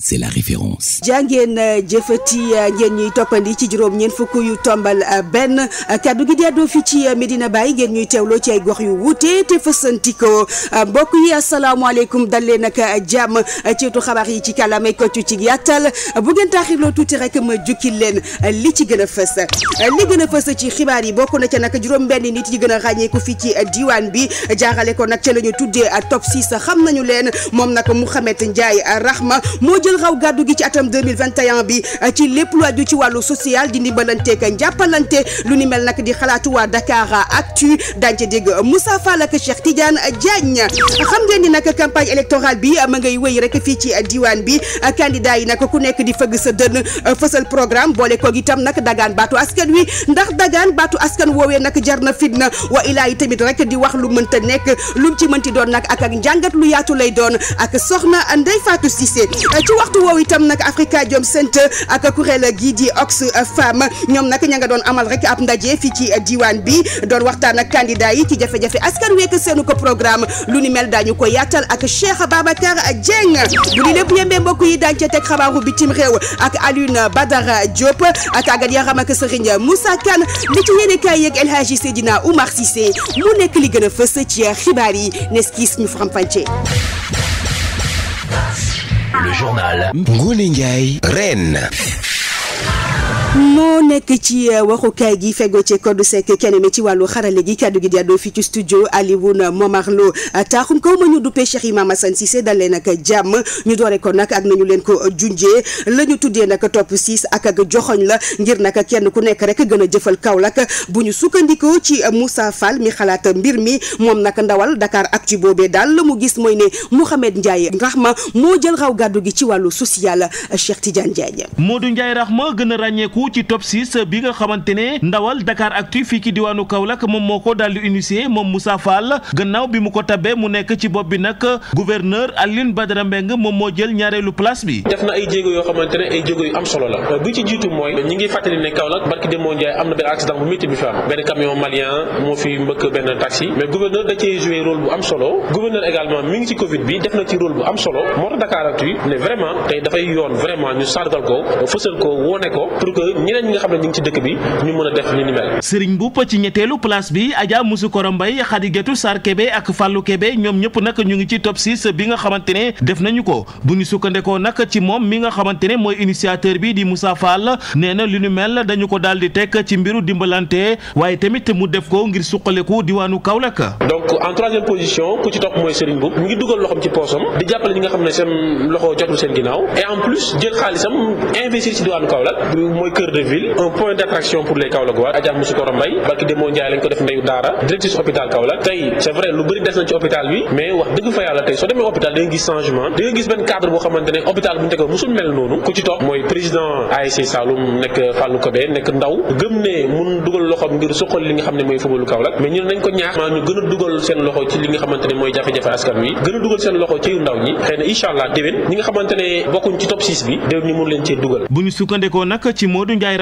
c'est la référence. jàngeen euh, jëfati euh, ngeen ñuy toppandi ci juróom ñeent fukk yu tombal euh, benn kaddu gi delloo fi ci Medina Baye ngeen ñuy teewloo ci ay gox yu wuute te fësanti ko mbokk yi asalaamaaleykum dal leen ak jàmm ceetu xabaar yi ci kàllaamay koccu ci yàttal bu ngeen taaxirloo tuuti rek ma jukki leen li ci gën a fës li gën a fës ci xibaar yi bokk na ca nag juróom-benn nit yi gën a ràññeeku fii ci diwaan bi jaarale ko nag ca la ñu tuddee top 6 xam nañu leen moom nag Mouhamed Ndiaye Rahma moo jël raw gàddu gi ci atam 2021 bi eh, ci lépp lu aju ci wàllu social di ndimbalanteeg njàppalante lu ni mel nag di xalaatu waa Dakar Actu daañu dégg Moussa Fall ak Cheikh Tidiane Diagne xam ngeen ni nag campagne électorale bi eh, ma ngay wéy rek fii ci diwaan bi eh, candidat yi nag ku nekk di fëgg sa dënn fësal programme boole koog itam nag dagaan baatu askan wi ndax dagaan baatu askan woowee nag jar na fitna wa ilaa yi tamit rek di wax lu mënta nekk lu mu ci mënti doon nag ak ak njàngat lu yaatu lay doon ak soxna Ndeye Fatou Cissé waxtu woowu itam nag Africa Jom Center ak kuréel gii di Oxfam ñoom nag ña nga doon amal rek ab ndaje fii ci diwaan bi doon waxtaan ak candidat yi ci jafe-jafe askan wekk seenu ko programme lu ni mel daañu ko yaatal ak Cheikh Babacar Dieng bu di lépp yembe mbokk yi daan ca teg xabaaru bitim réew ak Alioune Badara Diop tàggat yaram ak Serigne Moussa Kane li ci yéene kaay yeeg El Hadji Seydina Oumar Cissé mu nekk li gën a fës ci xibaar yi nes kiis ñu faram-fàccee le journal Ngoné Ndiaye moo nekk ci euh, waxukaay gi fego ci code sec kenn ci wàllu xarale gi kàddu gi jàddoo fii ci studio Alioune Momar Lo euh, taaxum kaw ma ñu duppee Cheikh Imam Assane Cissé dal leen ak jàmm ñu doore ko nag ak na ñu leen ko junjee la ñu tuddee nag topp 6 ak ak joxoñ la ngir nag kenn ku nekk rek gën a jëfal Kaolack bu ñu sukkandikoo ci Moussa Fall mi xalaat mbir mi moom nag ndawal Dakar ak ci boobee daal la mu gis mooy ne Mouhamed Ndiaye Rahma moo jël raw gàddu gi ci wàllu social Cheikh Tidiane Ndiaye. bokk ci top 6 bi nga xamante ne ndawal Dakar Actu fii ci diwaanu Kaolack moom moo ko daal di moom Moussa Fall gannaaw bi mu ko tabee mu nekk ci bopp bi def na ay jéego yoo xamante ay jéego yu am solo la bu ci jiitu mooy ñi ngi fàttali ne Kaolack barki Demba Ndiaye am na benn accident bu métti bi fi benn camion malien moo fi mbëkk benn taxi mais gouverneur da cee joué rôle bu am solo gouverneur également mi ngi ci Covid bi def na ci rôle bu am solo ñeneen ñi nga xam ne ñu ngi ci dëkk bi ñu mën a def li ni mel. Serigne ci ñetteelu place bi Adja Moussou Korombay Khadijatou Sar Kébé ak Fallou Kébé ñoom ñëpp nag ñu ngi ci top 6 bi nga xamante ne def nañu ko bu ñu sukkandekoo nag ci moom mi nga xamante ne mooy initiateur bi di musa Fall nee na li nu mel dañu ko daal di teg ci mbiru dimbalante waaye tamit mu def ko ngir suqaleku diwaanu Kaolack. donc en troisième position ku ci topp mooy Serigne Mboup mu ngi dugal loxoom ci poosam di jàppale ñi nga xam ne seen loxo jotul seen ginnaaw et en cœur de ville un point d'attraction pour les Kaolack waa Adja Moussa Koro Mbaye barki Demba Ndiaye lañ ko def ndeyu daara directrice hôpital Kaolack tey c'est lu bëri des na ci hôpital bi mais wax dëgg fa yàlla tey soo demee hôpital da nga gis changement da nga gis benn cadre boo xamante hôpital bu ñu tegoo mel noonu ku ci topp mooy président ASC Saloum nekk Fallou Kobé nekk ndaw gëm ne mun dugal loxoom ngir suqal li nga xam ne mooy fubalu Modou Ndiaye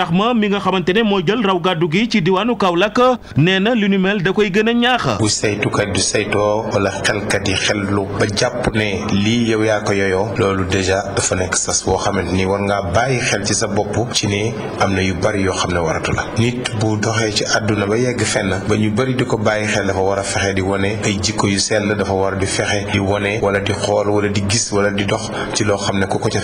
nga xamante ne moo jël raw gàddu gi ci diwaanu Kaolack nee na li nu mel da koy gën a ñaax. bu saytukat du saytoo wala xelkat yi xellu ba jàpp ne lii yow yaa ko yooyoo loolu dèjà dafa nekk sas boo xamante ni war ngaa bàyyi xel ci sa bopp ci ne am na yu bari yoo xam ne waratu la nit bu doxee ci àdduna ba yegg fenn ba ñu bari di ko bàyyi xel dafa war a fexe di wane ay jikko yu sell dafa war di fexe di wone wala di xool wala di gis wala di dox ci loo xam ne ku ko ca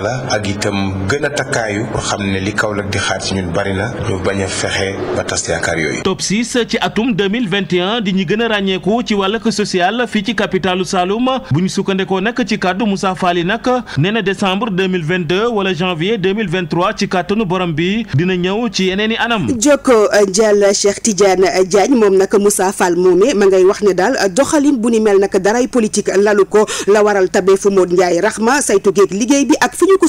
engagement la ak itam gën a takkaayu xam ne li Kaolack di xaar ci ñun bari na ñu bañ a fexe ba tas yaakaar yooyu. top 6 ci atum di ñi gën a ràññeeku ci wàllug social fii ci capitalu Saloum bu ñu sukkandekoo nag ci kàddu Moussa Fall nag nee na décembre 2022 wala janvier 2023 ci kàttanu borom bi dina ñëw ci yeneen i anam. Jokko Jall Cheikh Tidiane Diagne moom nag musa Fall moomee ma ngay wax ne daal doxalin bu ni mel nag daray politique lalu ko la waral tabeefu Modou Ndiaye Rahma ñu ko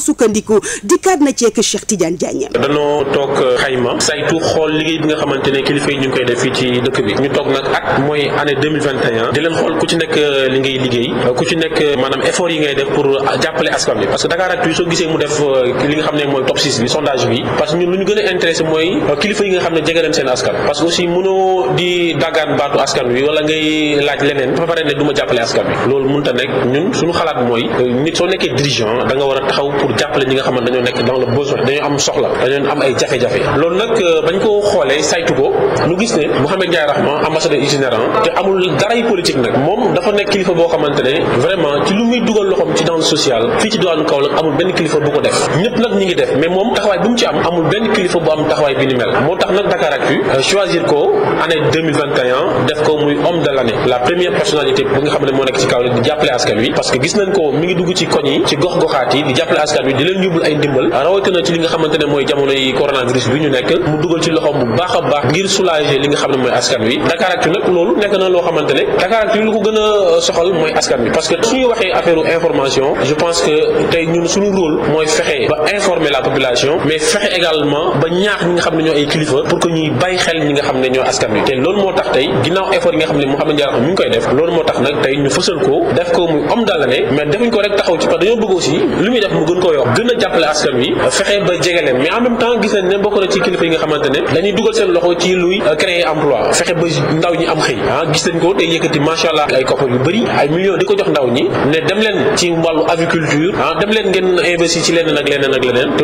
na ceek Cheikh Tidiane Diagne. danoo toog euh, xayma saytu xool liggéey bi nga xamante ne kilifa yi ñu def ku ci nekk euh, euh, maanaam effort yi ngay def pour jàppale askan bi parce que Dakaractu soo gisee mu def li nga xam ne mooy top 6 bi sondage bi parce que ñun ñu gën a mooy kilifa yi nga xam ne jege leen seen askan parce que aussi mënoo di daggaan baatu askan bi wala ngay laaj leneen ba ne du jàppale askan bi loolu mënta nekk ñun da a taxaw pour jàppale ñi nga xamante dañoo nekk dans le besoin dañoo am soxla dañoo am ay jafe-jafe loolu nag euh, bañ ko xoolee saytu ko ñu gis ne Mouhamed Ndiaye Rahma ambassadeur itinérant te amul daray politique nag moom dafa nekk kilifa ci lu muy dugal loxoom fii ci diwaanu Kaolack amul benn kilifa bu ko am taxawaay bi ni mel moo tax nag Dakaractu euh, choisir ko année def ko muy homme de l'année la première personnalité bu nga xam ne moo nekk ci Kaolack di jàppale askan wi parce que gis nañ ko mi ngi dugg ci koñ yi ci gox askan wi di leen yóbbul ay ndimbal rawatina ci li nga xamante mooy jamono yi coronavirus bi ñu nekk mu dugal ci loxoom bu baax a baax ngir soulager li nga xam ne mooy askan wi Dakaractu nag lu ko gën euh, soxal mooy askan wi parce que suñu waxee affaire information je pense que tey ñun suñu rôle mooy fexe ba informer la population mais fexe également ba ñaax ñi nga xam ne ñoo ay kilifa pour que ñuy bàyyi xel ñi nga xam ne ñoo askan wi te loolu moo gën ko yokk a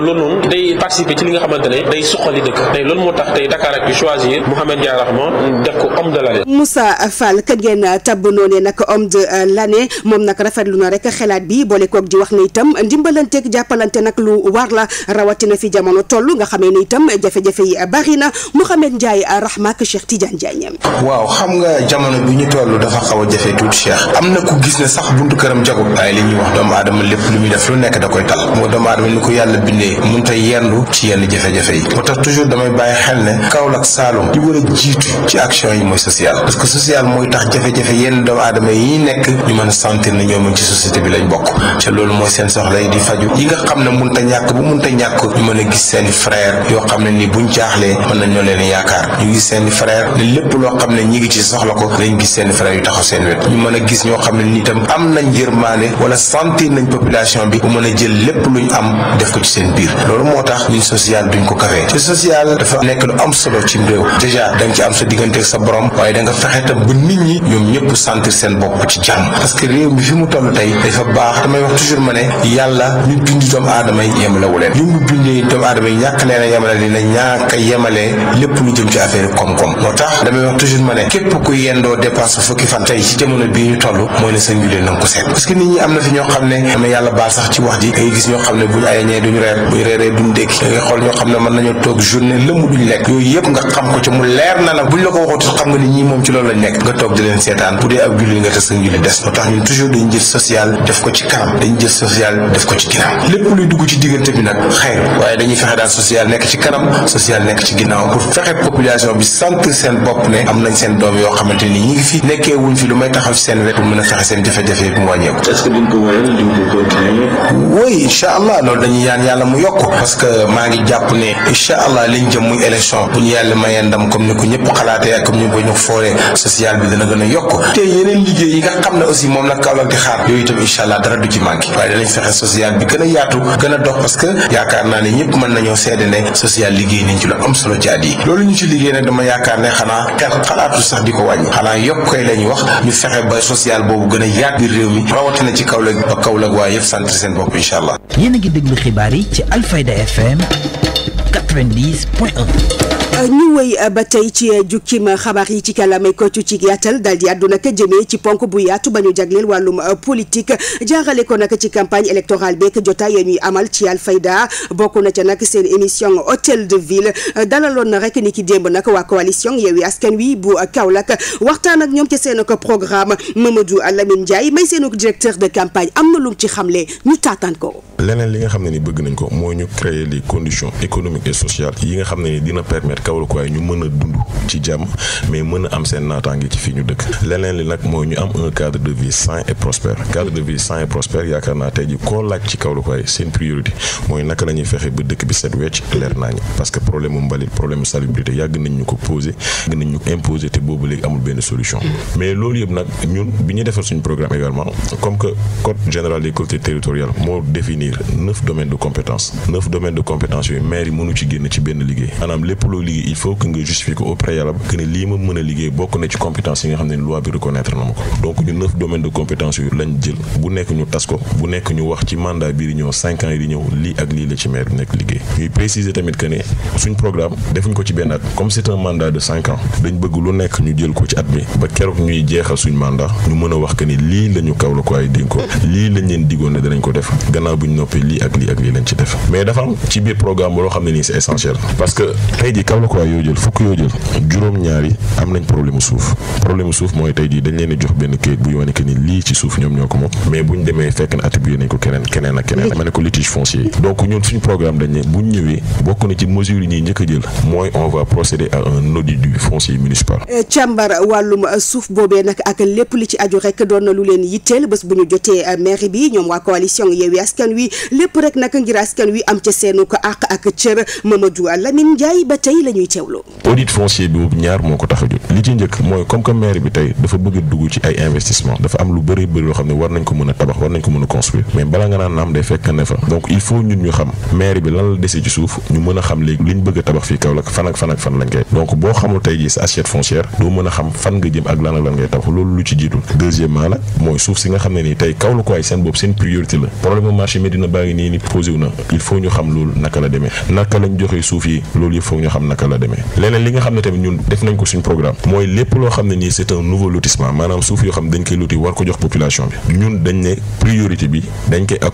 noonu day participer ci li nga xamante ne suqali dëkk tey loolu moo tax tey Dakar ak choisir Mouhamed Dia Rahman def ko homme de l'année. Moussa Fall kat ngeen na rek xelaat bi boole di wax ne itam ndimbalante dimbalanteeg jàppalante nag lu war la rawatina fi jamono toll nga xamee ni itam jafe-jafe yi bari na Mouhamed Ndiaye euh, rahma ak Cheikh Tidiane Diagne. waaw xam nga jamono bi ñu toll dafa xaw a jafe tuuti Cheikh am na ku gis ne sax buntu këram jago waaye li ñuy wax doomu aadama lépp lu muy def lu nekk da koy tal moo doomu aadama ni ko yàlla bindee mënut a yendu ci yenn jafe-jafe yi moo tax toujours damay bàyyi xel ne Kaolack Saloum li war a jiitu ci action yi mooy social parce que social mooy tax jafe-jafe yenn doomu aadama yi nekk a sentir ne ñoom ci société lañ bokk faju yi nga xam ne munta ñàkk bu munta ñàkk ñu mën a gis seeni frère yoo xam ne ni buñ jaaxlee mën nañoo leen yaakaar ñu gis seeni frère ne lépp loo xam ne ñi ngi ci soxla ko dañ gis seen frère yu taxaw seen wet ñu mën a gis ñoo xam ne ni itam am nañ yërmaane wala sentir nañ population bi bu mën a jël lépp luñ am def ko ci seen biir loolu moo tax ñun social duñ ko kafee ci social dafa nekk lu am solo ci réew dèjà da nga ci am sa diggante ak sa borom waaye da nga fexe tam ba nit ñi ñoom ñëpp sentir seen bopp ci jàmm parce que réew mi li mu bind doomu aadama yi yemalewu leen li mu bindee doomu aadama yi ñàkk leen a yemale dina a yemale lépp lu jëm ci affaire koom-koom moo bii ñu toll mooy ne sa njulee na nit ñi am na fi ñoo xam ne am na yàlla baal sax ci wax ji ngay gis ñoo xam ne bu ñu ayeñee duñu reer buñ reeree duñ dékki xool ñoo xam ne mën nañoo toog journée lëmm duñ lekk yooyu yëpp nga xam ko ci mu leer na la buñ la ko waxootu xam nga ni ñii moom ci loolu lañ nekk nga toog di leen seetaan bu dee ab julli nga te sa njuli des moo tax ñun toujours dañ jël social def ko ci kanam dañ jël social def ko ci lépp luy dugg ci diggante bi nag xayr waaye dañuy fexe daal social nekk ci kanam social nekk ci ginnaaw pour fexe population bi sant seen bopp ne am nañ seen doom yoo xamante ni ñi ngi fi nekkee wuñ fi lu may taxaw ci seen wet pour mën a fexe seen jafe-jafe yi mu wàññeeku. que duñ ko wéyal duñ ko continuer. oui mu yokk parce que maa ngi jàpp ne incha allah liñ jëm muy élection bu ñu yàlla mayee ndam comme ni ko ñëpp xalaatee ak comme ni ko ñu foolee social bi dana gën a yokk te yeneen liggéey yi moom la Kaolack di xaar yooyu itam incha allah dara bi gën a yaatu gën dox parce yaakaar naa ne ñëpp mën nañoo seede ne social liggéey nañ ci lu am solo ci at yi loolu ñu ci liggéey nag dama yaakaar ne xanaa kenn xalaatu sax di ko wàññi xanaa yokk lañu wax ñu fexe ba social boobu gën a yaat biir réew mi rawatina ci Kaolack ba Kaolack waa yëpp sant seen bopp incha allah. yéen a déglu xibaar yi ci Alfayda FM ñu wëy euh, ba tey ci euh, jukkim xabaar yi ci kàllaamay koccu ci yaatal daal di àddu nag jëmee ci ponk bu yaatu ba ñu jagleel wàllum euh, politique jaarale ko nag ci campagne électorale beeg jotaay ya ñuy amal ci Alfayda bokk na ca nag seen émission hôtel de ville dalaloon na rek ni ki démb nag waa coalition Yewwi Askan Wi bu Kaolack waxtaan ak ñoom ci seen ko programme Mamadou Lamine Ndiaye may seen directeur de campagne am na lum ci xamle ñu taataan ko. leneen li nga xam ne ni bëgg nañ ko mooy ñu Kaolack waaye ñu mën a dund ci jàmm mais mën a am seen naataange ci fii ñu dëkk leneen li nag mooy ñu am un cadre de vie et prospère cadre de vie et prospère yaakaar naa tey koo laaj ci Kaolack seen priorité mooy naka la ñuy fexe ba dëkk bi set wecc leer naañu parce que problème mu mbalit problème mu salubrité yàgg nañ ñu ko posé yàgg nañ ñu ko te boobu léegi amul benn solution mais loolu yëpp nag ñun bi ñu defar suñu programme également comme que code général des collectivités territoriales moo définir neuf domaines de compétence neuf domaines de compétence yooyu maire yi mënu léegi il faut que nga justifier ko au préalable que ne lii ma mën a liggéey bokk na ci compétence yi nga xam ne loi bi reconnaître na ma ko donc ñu neuf domaines de compétence yu lañ jël bu nekk ñu tas ko bu nekk ñu wax ci mandat bi di ñëw lii ci comme c'est un de cinq ans dañ bëgg lu nekk ñu jël ko ci at bi ba keroog ñuy jeexal suñ mandat ñu mën a wax que ni lii la ñu kaw la ko ay dénk ko lii lañ leen digoon ne danañ ko def gannaaw buñ noppee quoi yoo jël fukk yoo jël juróom-ñaar am nañ problème suuf problème suuf mooy tey jii leen jox benn kayit bu yoone que ni lii ci suuf ñoom ñoo ko moom mais buñ demee fekk na ko keneen keneen ak keneen ma ne ko litige foncier donc ñun suñ programme dañ buñ ñëwee bokk na ci mesure yi njëkk a jël mooy on procéder à un audit du foncier municipal. Euh, càmbar wàllum euh, suuf boobee nag ak lépp li ci aju rek doon lu leen yitteel bés bu jotee euh, maire bi ñoom waa ñuy teewloo. audit foncier bi boobu ñaar moo ko tax a jóg li ci njëkk mooy comme que maire bi tey dafa bëgg dugg ci ay investissement dafa am lu bëri bëri xam ne war nañ ko mën tabax war nañ ko mën a mais bala nga naan naam day fekk ne fa donc il faut ñu xam maire bi tey jii lu ci jiitul seen bopp seen priorité la problème marché Médina Baye nii ni posé na il faut ñu xam loolu naka la demee naka lañ joxee suuf yi loolu yëpp foog ñu xam naka naka la demee leneen li nga xam ne tamit ñun def nañ ko suñ programme mooy lépp loo xam ne nii c'est nouveau lotissement maanaam suuf yoo xam ne dañ koy loti war ko jox population ne dañ koy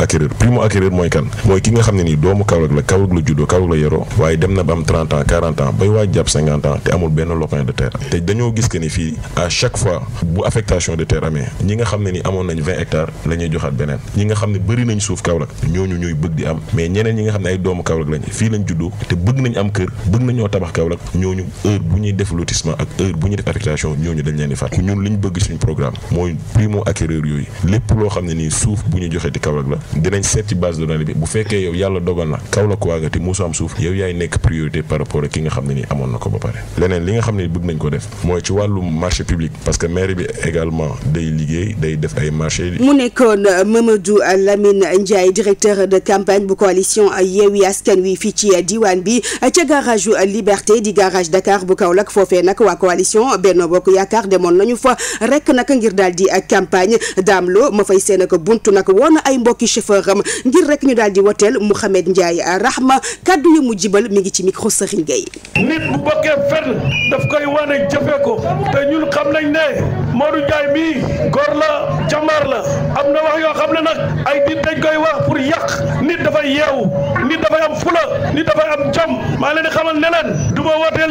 accorder mooy kan mooy ki nga xam ne nii doomu Kaolack la Kaolack la juddoo Kaolack la yaroo waaye dem na ba am 30 ans bay waaj jàpp 50 ans te amul benn lopin de terre te dañoo gis que ni fii à chaque fois bu affectation de terre amee ñi nga xam ne ni nga xam ne ay doomu Kaolack lañ fii lañ juddoo te bëgg nañ am kër bëgg nañoo tabax Kaolack di loo xam ne nii suuf bu ñu joxee di Kaolack la dinañ na Kaolack waa nga te mosu am suuf ko ba pare leneen li nga xam ne bëgg nañ def mooy ci wàllu marché public parce que maire bi également day liggéey day def ay marché mu nekkoon Mamadou Lamine Ndiaye directeur de campagne bu coalition yeewi askan wi fii ci diwaan bi ca garage Liberté di garage Dakar bu Kaolack foofee nag waa coalition Benno Bokk Yaakaar demoon nañu fa rek nag ngir daal di campagne daamloo ma fay seen ak buntu nag woon ay mbokki chauffeur am ngir rek ñu daal di woteel Mouhamed Ndiaye Rahma kaddu yu mu jibal mi ngi ci micro Serigne Gueye. nit bu bokkee fenn daf koy wane jëfee ko te ñun xam nañ ne. Modou Ndiaye mii góor la jàmbaar la am na wax yoo xam ne nag ay nit dañ koy nit dafay am fula nit dafay am jom maa leen di xamal ne leen du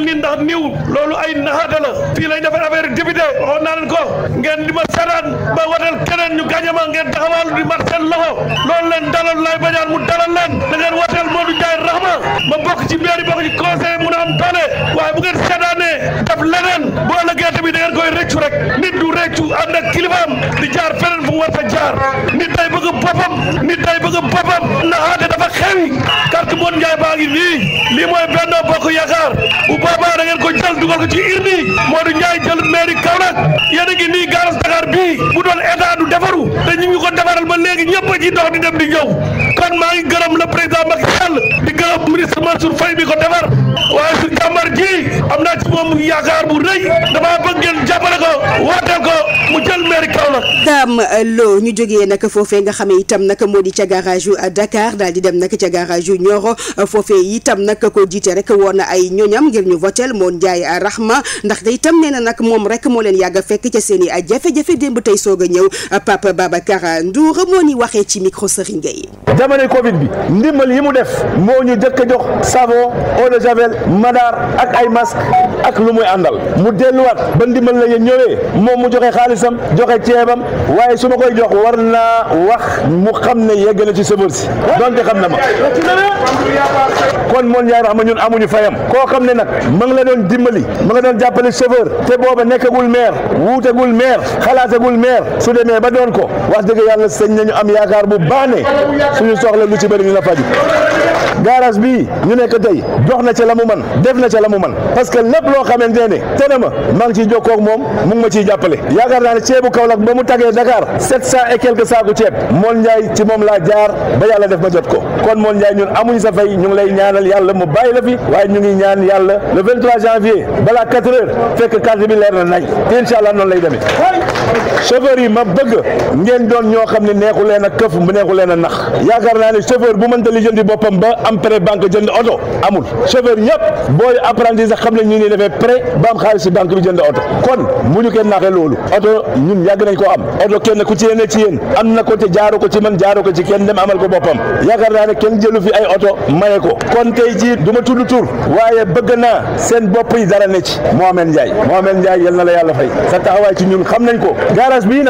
nit ndax niw loolu ay naxaate la fii lañ defar affaire député waxoon naa leen ko ngeen di ma seetaan ba wooteel keneen ñu gàñe ma ngeen taxawaalu di mat seen loxo loolu leen dalal laay bañaan mu dalal leen da ngeen wooteel Modou Ndiaye Rahma ma bokk ci mairie bokk ci conseil mun a am doole waaye bu ngeen seetaanee la leneen bu ëllëgee ngeen koy rëccu rek nit du rëccu ànd ak kilifaam di jaar feneen day bëgg boppam nit day bëgg boppam na aade dafa xewi carte bon njaay baa ngi lii lii mooy benn bokk yaakaar bu boobaa da ngeen ko jël dugal ko ci urne yi Modou Ndiaye jël mairie Kaolack yéen a ngi nii gaaras Dakar bii bu doon état du defaru te ñu ngi ko defaral ba léegi ñëpp a ci dox di dem di ñëw kon maa ngi gërëm le président Macky Sall di gërëm ministre Mansour Faye bi ko defar waaye su jàmbar ji am naa ci moom yaakaar bu rëy damaa bëgg ngeen jàppale ko wooteel ko mu jël mairie Kaolack. Dame Lo ñu jógee nag foofee nga xamee itam nag moo di ca garage yu Dakar daal di dem nag ca garage yu Nioro foofee itam nag ko jiite rek woon na ay ñoñam ngir ñu voteel moo Ndiaye Rahma ndaxte itam nee na nag moom rek moo leen yàgg fekk ca seen i jafe-jafe tey soog a ñëw Papa Babacar Ndour moo ni waxee ci micro Serigne Gueye. jamono Covid bi ndimbal yi mu def moo ñu jëkk jox savon eau de javel madar ak ay masque ak lu muy àndal mu delluwaat ba ndimbal la ngeen moom mu joxe xaalisam joxe ceebam waaye su ma koy jox war naa wax mu xam ne yegg na ci sëfër si donte xam na ma kon moon yaay wax ma ñun amuñu fayam koo xam ne nag ma la doon dimbali ma nga doon jàppale chauffeur te booba nekkagul maire wuutagul maire xalaatagul maire su demee ba doon ko wax dëgg yàlla sëñ ñu am yaakaar bu baax ne suñu soxla lu ci bëri dina faju garage bii ñu nekk tey dox na ca la def na ca la mu man loo xamante ne tene ma maa ngi ciy jokkoo ak moom mu ngi ma ciy jàppale yaakaar naa ne ceebu Kaolack ba mu tagee Dakar sept cent et quelques saaku ceeb mool Ndiaye ci moom laa jaar ba yàlla def ma jot ko kon mool Ndiaye ñun amuñu sa fay lay ñaanal yàlla mu bàyyi la waaye ñu ñaan yàlla le 23 janvier balaa 4 heures fekk carte bi leer na nañ te incha allah lay demee chauffeur yi ma bëgg ngeen a a am prêt banque jënd oto amul chauffeur yëpp booy apprenti sax xam ne ñu ne dafay prêt ba am xaalis si banque bi jënd oto kon mu ñu kenn naaxee loolu oto ñun yàgg nañ koo am oto kenn ku ci yéene ci yéen am na ko te jaaro ko ci man jaaro ko ci kenn dem amal ko boppam yaakaar naa kenn jëlu fi ay oto maye ko kon tey jii du ma tur waaye bëgg naa seen bopp yi dara ne ci Mohamed Ndiaye Mohamed Ndiaye yal na la yàlla fay sa taxawaay ci ñun xam nañ ko garage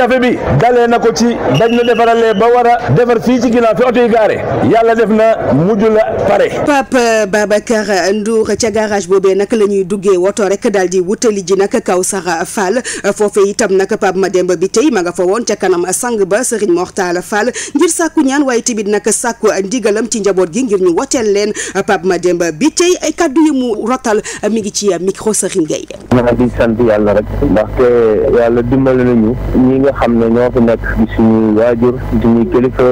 a dalee na ko ci dañ la defaralee ba war a defar fii ci ginnaaw fi oto yi gaare yàlla def na mujj la pare. Pape Babacar Ndour ca garage boobee nag la ñuy duggee woto rek daal di wutali ji nag Kawsara Fall foofee itam nag Pape Mademba bi tey ma nga fa woon ca kanam sang ba Serigne Mortala Fall ngir sàkku ñaan waaye tamit nag sàkku ndigalam ci njaboot gi ngir ñu woteel leen Pape demba bi tey ay kàddu yi mu rotal mi ngi ci micro Serigne Gueye. maa ñoo fi nekk di suñuy waajur di suñuy kilifa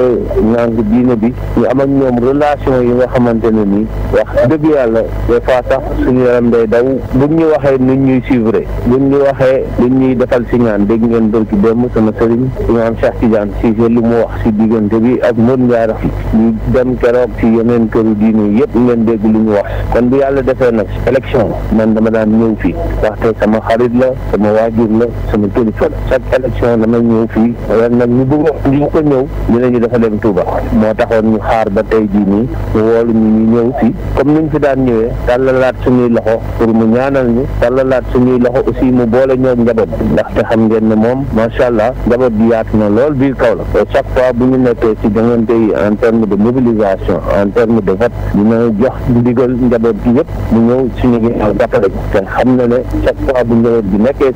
ñànk diine bi ñu am ak ñoom relation yi nga xamante ne nii wax dëgg yàlla des fois sax suñu yaram day daw buñ ñu waxee nuñ ñuy suivre buñ ñu waxee luñ ñuy defal si ñaan dégg ngeen bërki démb sama sëriñ imaam Cheikh Tidiane Cissé lu mu wax si diggante bi ak mën njaara ñu dem keroog si yeneen këru diine yëpp ngeen dégg lu ñu wax kon bu yàlla defee nag élection man dama daan ñëw fii ndaxte sama xarit la sama waajur la sama yi ren nag ñu bëgg ñu ko ñëw ñu ne ñu dafa dem Touba moo taxoon ñu xaar ba tey jii nii mu woolu ñu ñu ñëw si comme niñ fi daan ñëwee tàllalaat suñuy loxo pour mu ñaanal ñu tàllalaat suñuy loxo aussi mu boole ñoom njaboot ndaxte xam ngeen ne moom macha allah njaboot bi yaatu na lool biir kaw la chaque fois bu ñu nekkee si jongante yi en terme de mobilisation en terme de vote dina jox ndigal njaboot gi yëpp mu ñëw suñu ginnaaw jàppale te xam na ne bi nekkee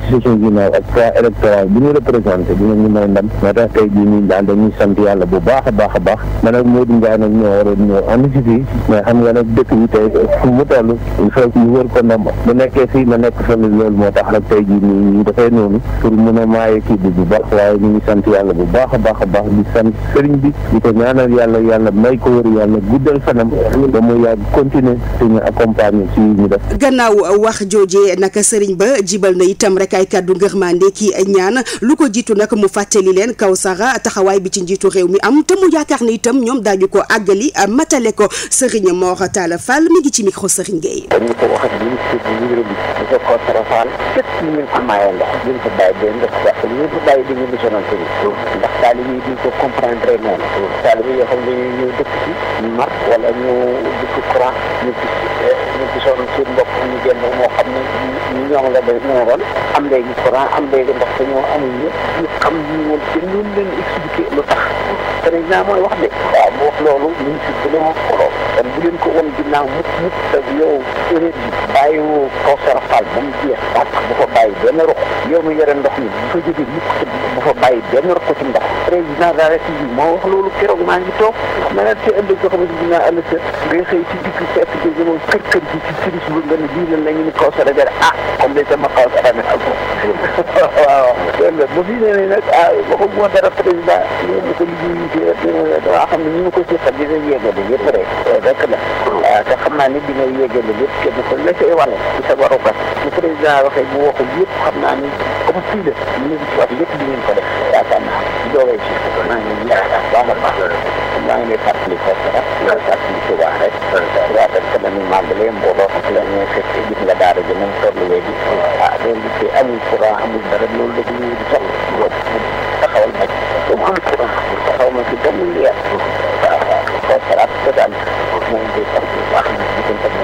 mooy ndam moo tax tey jii nii daal dañuy sant yàlla bu baax a baax a baax man ak Modou Ndiaye nag ñoo waroon a ànd si fii mais xam nga nag dëkk bi tey fu mu toll il faut ñu wër ko ndomba bu nekkee fii ma nekk fa loolu moo tax nag tey jii nii ñu dafay noonu pour mun a maaye kii bi bu baax waaye ñu ngi sant yàlla bu baax a baax a baax di sant sëriñ bi di ko ñaanal yàlla yàlla may ko wër yàlla guddal fanam ba mu yàgg continuer suñu accompagner ci ñu def gannaaw wax joojee naka sëriñ ba jibal na itam rek ay kàddu ngërmande ki ñaan lu ko jiitu nag mu fàtt fàttali leen Kawsara taxawaay bi ci njiitu réew mi am te mu yaakaar ne itam ñoom daañu ko àggali matale ko Serigne Mor Talla mi ngi ci micro Serigne Gueye. ko wax ak ministre bi ñu ngi ko Kawsara Fall képp ñu ko maye ndox ñu ngi ko bàyyi dee ndox ba ñu ngi yoo xam ne ñu dëkk ci mar wala ñu dëkk courant ñu gis eh, gisoon seen bopp ñu génn moo xam ne ñu ñoom la day ñooroon am léegi courant am léegi ndox te ñoo amul ñëpp ñu xam ñu woon te ñun expliqué lu tax président mooy wax de waaw mu wax loolu ñu si gën a xoloo kon bu leen ko woon ginnaaw mukk mukk te yow heure bi bàyyiwoo kaw sarafal ba mu jeex tàkk bu fa bàyyi benn roq yow mu yore ndox mi bu fa jógee mukk te bu fa bàyyi benn roq ci ndox président de la république moo wax loolu keroog maa ngi toog ma ne te ëllëg ko xamante ni naa ëllëg sa ngay xëy ci dikk fekk te jëmoo kër kër gi ci service bu nga ne lii la nañu ni kaw sarafal ah comme day sama kaw sarafal ak waaw waaw dégg nga bu fi nee nag ah waxu moo dara président ñoo ko liggéey waa xam ne ñu ko seqal dina yéegale yëpp rek rek la waaw ah, te xam naa ne dina yéegale yëpp ko la cay war ci sa waru kat le président waxee bu waxul yëpp xam naa ni comme fii la ñu ngi ci wax yëpp di ngeen ko def yaakaar naa doogay ci maa ngi yaakaar a baax maa ngi lay fàttali ko rek lay fàttali ko baax rek waa tam ka dañuy màggalee mbooloo ak la ñuy fekk gis nga daara ji moom toll léegi ah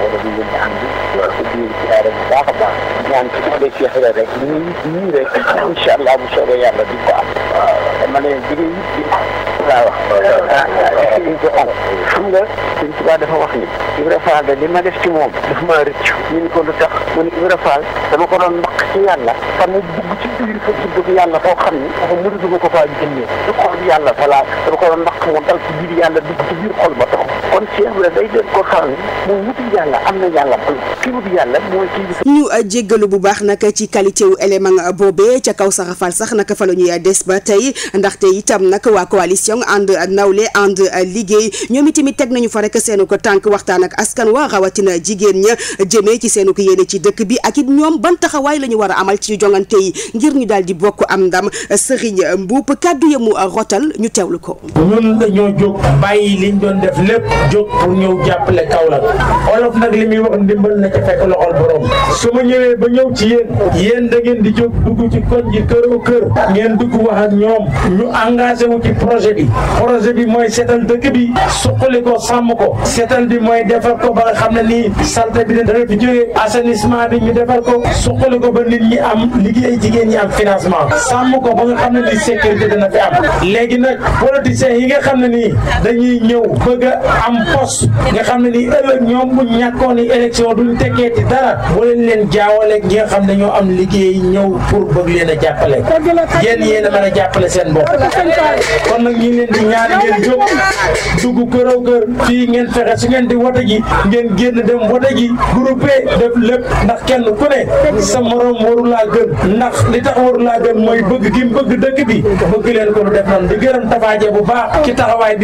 nee na ñu ngi ànd ci biir ziyaara bu baax a baax ñaan ci ma lay fexe rek nii nii rek incha allah bu soobee yàlla di ko am. waaw dama ne bi nga yit bi waaw ah sëriñ bi am xam nga sëriñ Tuubaa dafa wax ni Ibra Faal de li ma def ci moom dafa maa rëccu ñu ni ko lu tax mu ne Ibra Faal dama ko doon mbaq ci yàlla fa mu dugg ci biir fa ci dugg yàlla foo xam ni dafa ko faa génnee ci xol yàlla voilà dama ko doon mbaq mu dal ci biir yàlla dugg ci biir xol ba kon Cheikh am na yàlla ba ki euh, jéggalu bu baax nag ci qualité wu élément euh, boobee ca kaw saxafal sax naka fa la ñuy euh, des ba tey ndaxte itam nag waa coalition ànd nawle ànd liggéey ñoom itamit teg nañu fa rek seenu ko tànk waxtaan ak askan wa rawatina jigéen ña jëmee ci seenu ko yéene ci dëkk bi ak it ñoom ban taxawaay la ñu war a amal ci jongante ngir ñu daal di bokk am ndam Serigne Mboup kaddu yamu rotal ñu teewlu ko. jóg pour ñëw jàppale Kaolack olof nag li muy wax ndimbal na ca fekk loxol borom su ma ñëwee ba ñëw ci yéen yéen da ngeen di jóg dugg ci koñ ji kër dugg wax ñoom ñu engagé wu ci projet bi projet bi mooy seetal dëkk bi suqali ko sàmm ko seetal bi mooy defar ko ba nga xam ne nii salte bi dana fi jógee assainissement bi ñu defar ko suqali ko ba nit ñi am liggéey jigéen ñi am financement sàmm ko ba nga xam ne nii sécurité dana fi am léegi nag politiciens yi nga xam ne nii dañuy ñëw a poste nga xam ne ni ëllëg ñoom bu ñàkkoon ni élection duñ tekkeeti dara wala leen jaawale ñi xam ne ñoo am liggéey ñëw pour bëgg leen a jàppale yéen yéen a mën a jàppale seen bopp kon nag ñi leen di ñaan ngeen jóg dugg këraw kër fii ngeen fexe su ngeen di wote ji ngeen génn dem wote ji groupé e def lépp ndax kenn ku ne sa moroom waru laa gën ndax li tax waru laa gën mooy bëgg gi bëgg dëkk bi bëgg leen ko lu def noonu di gërëm tafaaje bu baax ci taxawaay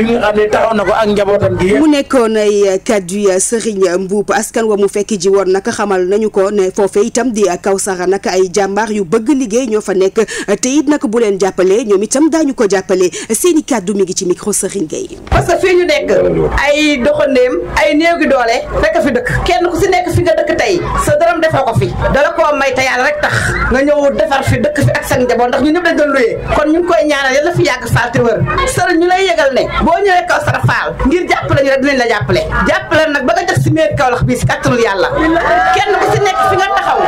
ak njabootam mu nekkoon ay kaddu Serigne Mboup askan wa mu fekk ji woon nag xamal nañu ko ne foofe itam di Kawsara nag ay jàmbaar yu bëgg liggéey ñoo fa nekk te it nag bu leen jàppale ñoom itam daañu ko jàppale seeni kaddu mi ngi ci micro Serigne Gueye. parce que fii ñu nekk ay doxandéem ay néew gi doole fekk fi dëkk kenn ku si nekk fi nga dëkk tey sa dërëm defoo ko fi dala koo may te yàlla rek tax nga ñëw defar fi dëkk fi ak sa njaboot ndax ñu ñëpp dañ doon kon ñu koy ñaanal yàlla fi yàgg faal te wër Serigne ñu ñu rek dinañ la jàppale jàppale nag ba nga jot si meer Kaolack bii si kàttanul yàlla kenn ku si nekk fi nga taxaw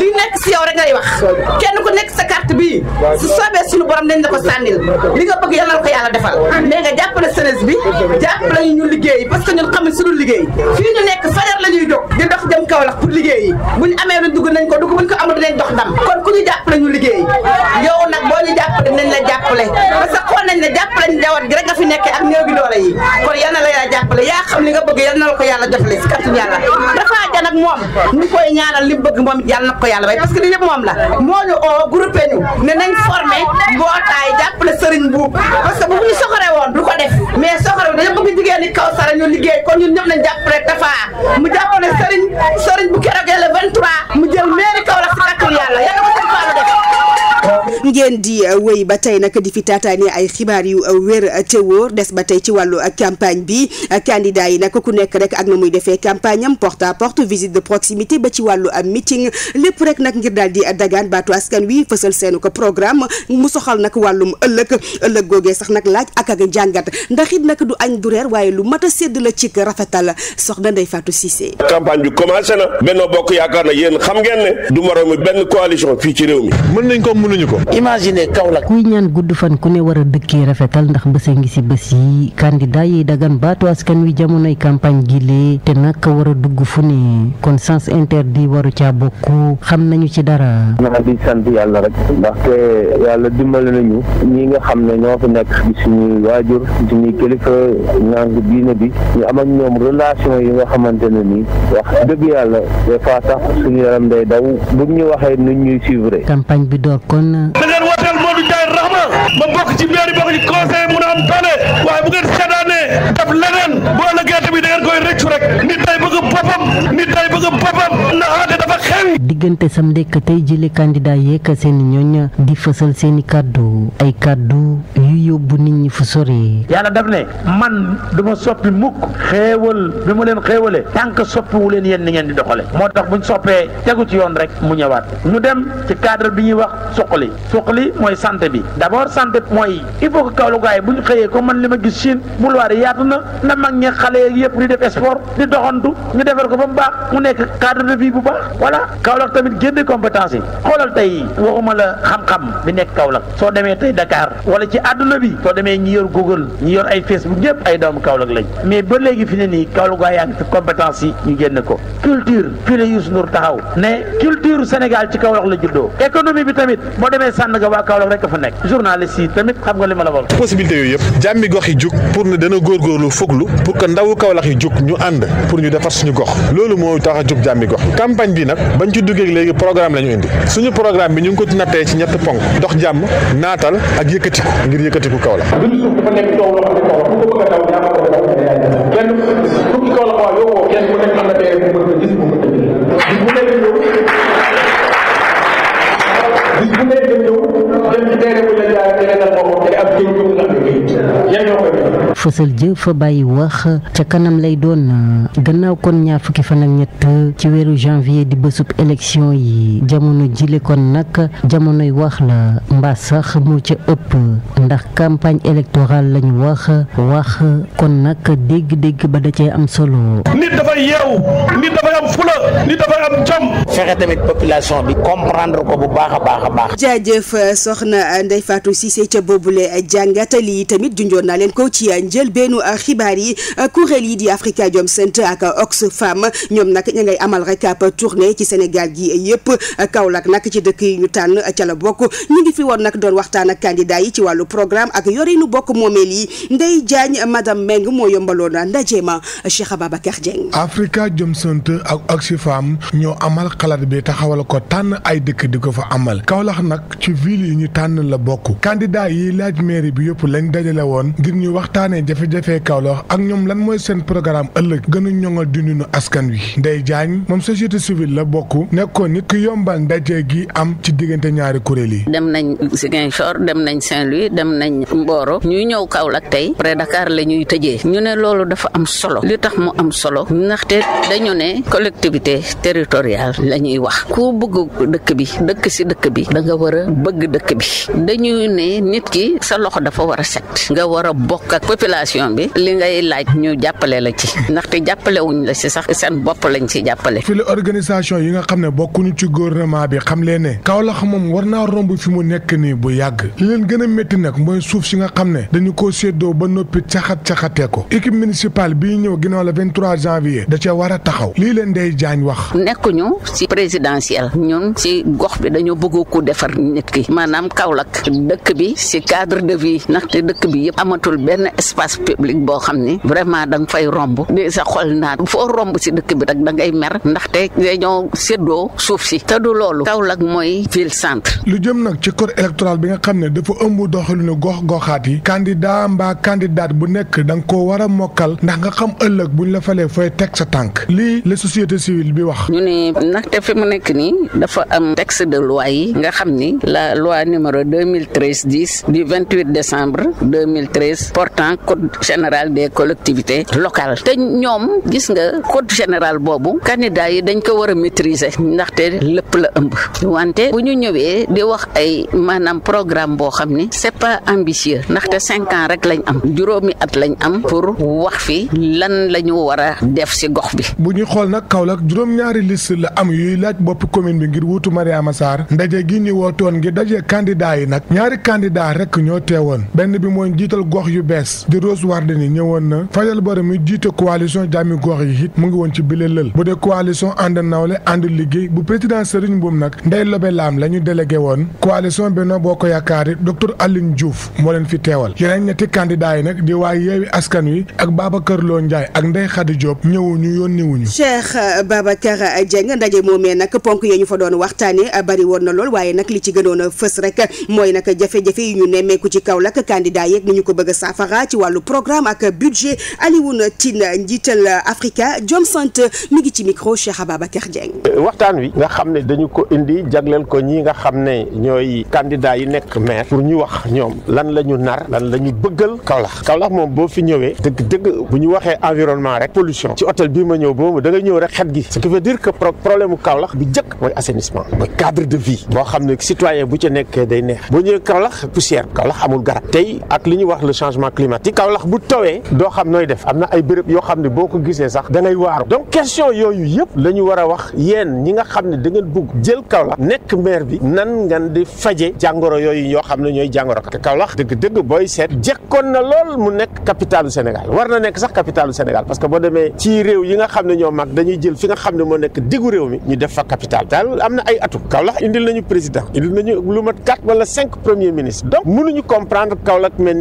li nekk si yow rek ngay wax kenn ku nekk sa carte bii su soobee suñu borom dañ la ko sànnil li nga bëgg yàlla ko yàlla defal mais nga jàppale jeunesse bi jàppale ñu liggéey parce ñu nekk fajar jàppale ñu liggéey yow nag boo ñu jàppale nañ la jàppale parce que nañ la jàppale ñu jawat gi nga fi nekkee ak néew gi doole yi kon yal na la jàppale yaa xam li nga bëgg yal na la yàlla bay parce que li moom la moo ñu oo groupé ñu nañ formé mbootaay jàppale sëriñ buub parce que bu ñu soxore woon du ko def mais soxore dañu bëgg jigéen ñi kaw liggéey ko ñun ñëpp nañ jàppale Tafa mu jàppale sëriñ sëriñ bu keroog le 23 mu jël mairie Kaolack si kàttan yàlla yàlla ko sëriñ Fallou def ngeen di uh, wéy ba tey nag di fi taataane ay xibaar yu uh, wér uh, te woor des ba tey ci wàllu campagne bi candidat yi nag ku nekk rek ak na muy defee campagne am porte à porte visite de proximité ba ci wàllu meeting lépp rek nag ngir daal di dagaan baatu kan wi fësal seenu ko programme mu soxal nag wàllum ëllëg ëllëg googee sax nag laaj ak ak jàngat ndax it nag du añ du reer waaye lu mat a sédd la ci rafetal soxna Ndeye Fatou Cissé. campagne bi commencé na Benno Bokk Yaakaar na yéen xam ngeen ne du moromu benn coalition fii ci réew mi. mën nañ ko mënuñu ko imaginez Kaolack. kuy ñaan gudd fan ku ne war a dëkkee rafetal ndax bësa ngi si bés yi candidat yi dagan baatu kan wi jamonoy campagne gilee te nag war a dugg fu ne kon sens interdit waru caa bokk xam nañu ci dara. naa di sant yàlla rek ndaxte yàlla dimbali nañu nii nga xam ne ñoo ko nekk ci suñuy waajur suñuy kilifa ñànk diine bi ñu am ak ñoom relation yi nga xamante ne nii wax dëgg yàlla des fois sax suñu yaram day daw buñ ñu waxee nuñ ñuy suivre. campagne bi door kon. tamit conseil mun a am doole waaye bu ngeen seetaanee def leneen bu ëllëgee tamit rek nit day bëgg boppam nit day bëgg boppam na aada dafa xew. diggante samedi ak tey jëlee candidat yeeg seen ñoñ di fësal seen i kàddu ay kàddu yu yóbbu nit ñi fu sori. yàlla daf ne man du soppi mukk xéewal bi ma leen xéewalee tant que soppiwu leen yéen ni ngeen di doxale moo tax buñ soppee tegu ci yoon rek mu ñëwaat mu dem ci cadre bi ñuy wax suqali suqali mooy sant bi d'abord santé mooy il faut que Kaolack bu ñu xëyee ko man li ma gis Chine boulevard yaatu na na mag ñi xale yëpp di doxantu ñu defar ko ba mu baax mu nekk cadre de bu baax voilà Kaolack tamit génne compétence yi xoolal tey waxuma la xam-xam bi nekk Kaolack soo demee tey dakaar wala ci àdduna bi soo demee ñi yor Google ñi yor ay Facebook ñëpp ay doomu Kaolack lañ mais ba léegi fi ne nii Kaolack waa yaa ngi fi compétence yi ñu génn ko culture fii la Youssou Ndour taxaw ne culture Sénégal ci Kaolack la juddoo économie bi tamit boo demee Sandaga waa Kaolack rek a fa nekk journaliste yi tamit xam nga li ma la wax possibilité yëpp jàmmi gox yi jug pour ne dana góorgóorlu fuglu pour que ndawu Kaolack ñu pour ñu defar suñu gox loolu moo tax a jóg jàmmi gox campagne bi nag bañ ci duggee léegi programme lañu indi suñu programme bi ñu ngi ko nattee ci ñett ponk dox jàmm naatal ak yëkkatiku ngir yëkkatiku kaw la bu nekk ñëw dem ci terrain bu la jaar ak ak fësal jëf fa bàyyi wax ca kanam lay doon gannaaw kon ñaar fukki fan ak ñett ci weeru janvier di bésub élection yi jamono jile kon nag jamonoy wax la mbaa sax mu ca ëpp ndax campagne électorale lañu wax wax kon nag dégg-dégg ba da cee am solo. nit dafay yeewu nit dafay am fula nit dafay am jom. fexe tamit population bi comprendre ko bu baax a baax a baax. jaajëf soxna Ndeye Fatou njëlbeenu euh, xibaar yi euh, kuréel yi di Afrikajom Center ak euh, Oxfam ñoom nag ña ngay amal rek ab tournée ci Sénégal gi yëpp Kaolack nag ci dëkk yi ñu tànn ca la bokk ñu ngi fi woon nag doon waxtaan ak candidat yi ci wàllu programme ak yorinu bokk moomeel yi Ndeye Diagne madame Meng moo yombaloon ndaje ma Cheikh Ababacar Dieng. Afrikajom Center ak Oxfam ñoo amal xalaat bi taxawal ko tànn ay dëkk di ko fa amal Kaolack nag ci ville yi ñu tànn la bokk candidat yi laaj mairie bi yëpp lañ dajale woon ngir ñu waxtaanee waxtaanee jafe-jafe Kaolack ak ñoom lan mooy seen programme ëllëg gën a ñoŋal dundinu askan wi Ndeye Diagne moom société civile la bokk nekkoon nit ku yombal ndaje gi am ci diggante ñaari kuréel yi. dem nañ Ziguinchor dem nañ Saint-Louis dem nañ Mboro ñuy ñëw Kaolack tey près Dakar la ñuy tëjee ñu ne loolu dafa am solo li tax mu am solo ndaxte dañu ne collectivité territoriale la ñuy wax ku bëgg dëkk bi dëkk si dëkk bi da nga bëgg dëkk bi dañuy ne nit ki sa loxo population bi li ngay laaj ñu jàppale la ci ndaxte jàppale wuñ la si sax seen bopp lañ si jàppale. fi la organisation yi nga xam ne bokkuñu ci gouvernement bi xam leen ne Kaolack moom war naa romb fi mu nekk nii bu yàgg li leen gën a métti nag mooy suuf si nga xam ne dañu koo séddoo ba noppi caxat caxatee ko équipe municipale bi ñëw ginnaaw la 23 janvier da cee war a taxaw lii leen day jaañ wax. nekkuñu si présidentiel ñun si gox bi dañoo bëgg ko defar nit ki maanaam Kaolack dëkk bi si espace public boo xam ni vraiment da nga fay romb di sa xol naa foo romb si dëkk bi rek da ngay mer ndaxte dañoo séddoo suuf si te du loolu Kaolack mooy ville centre. lu jëm nag ci code électoral bi nga xam ne dafa ëmb doxalinu gox goxaat yi candidat mbaa candidat bu nekk da nga koo war a mokkal ndax nga xam ëllëg buñ la falee fooy teg sa tànk lii la société civile bi wax. ñu ne ndaxte fi mu nekk nii dafa am texte de loi yi nga xam ni la loi numéro 2013 10 du 28 décembre 2013 portant code général des collectivités locales te ñoom gis nga code général boobu candidat yi dañ ko war a maîtriser ndaxte lépp la ëmb wante bu ñu ñëwee di wax ay maanaam programme boo xam ni c'est pas ambitieux ndaxte cinq rek lañ am juróomi at lañ am pour wax fi lan la ñu war a def si gox bi. bu ñu xool nag Kaolack juróom-ñaari liste la am yuy laaj bopp commune bi ngir wutu Mariama Sarr ndaje gi ñu wootoon ngir daje candidat yi nag ñaari candidat rek ñoo Rose Wardini ñëwoon na Fadel Barro mi jiite coalition Jàmmi Gox yi it mu ngi woon ci bile lël bu dee coalition ànd nawle ànd liggéey bu président Serigne Mboum nag Ndeye Lobé Lam la ñu délégué woon coalition Benno Bokk Yaakaar yi docteur Aline Diouf moo leen fi teewal yeneen ñetti candidats yi nag di waa Yewwi Askan Wi ak Babacar Lo Ndiaye ak Ndeye Khady Diop ñëwuñu ñu fa na li a fës rek mooy nag jafe ñu ci Kaolack candidat yeeg ni ñu ko a wàllu programme ak budget Alioune Tine njiital Africa Jom Sant mi ngi ci micro Cheikh Ababacar Dieng. Euh, waxtaan wi nga xam ne dañu ko indi jagleel ko ñi nga xam ne ñooy candidat yi nekk maire pour ñu wax ñoom lan la ñu nar lan la ñu bëggal Kaolack Kaolack moom boo fi ñëwee dëgg dëgg bu ñu waxee environnement rek pollution ci hôtel bi ma ñëw boobu da nga ñëw rek xet gi ce qui veut dire que problème mu bi jëkk mooy assainissement mooy cadre de vie boo xam ne citoyen bu ca nekkee day neex boo ñëwee Kaolack poussière Kaolack amul tey ak li ñuy wax le changement climatique ci Kaolack bu tawee doo xam nooy def am na ay béréb yoo xam ne boo ko gisee sax da ngay waaru donc question yooyu yëpp la ñu war a wax yéen ñi nga xam ne da ngeen bugg jël Kaolack nekk maire bi nan ngeen di faje jàngoro yooyu ñoo xam ne ñooy jàngoro ka Kaolack dëgg-dëgg booy seet jekkoon na lool mu nekk capitalu Sénégal war na nekk sax capitalu Sénégal parce que boo demee ci réew yi nga xam ne ñoo mag dañuy jël fi nga xam ne moo nekk diggu réew mi ñu def fa capital daal am na ay atu Kaolack indil nañu président indil nañu lu mat quatre wala cinq premier ministre donc mënuñu comprendre Kaolack mel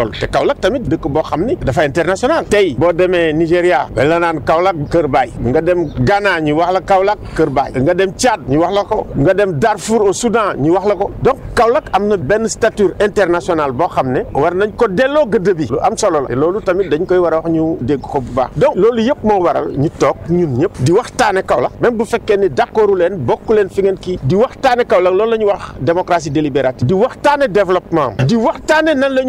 toll te Kaolack tamit dëkk boo xam ni dafa international tey boo demee Nigéria dañ la naan Kaolack Kër Baay nga dem Ghana ñu wax la Kaolack Kër Baay nga dem Tchad ñu wax la ko nga dem Darfour au Soudan ñu wax la ko donc Kaolack am na benn stature internationale boo xam ne war nañ ko delloo gëdd bi lu am solo la loolu tamit dañ koy war a wax ñu dégg ko bu baax donc loolu yëpp moo waral ñu toog ñun ñëpp di waxtaane Kaolack même bu fekkee ni d'accordu leen bokku leen ngeen kii di waxtaane Kaolack loolu la ñuy wax démocratie délibérative di waxtaane développement di waxtaane nan la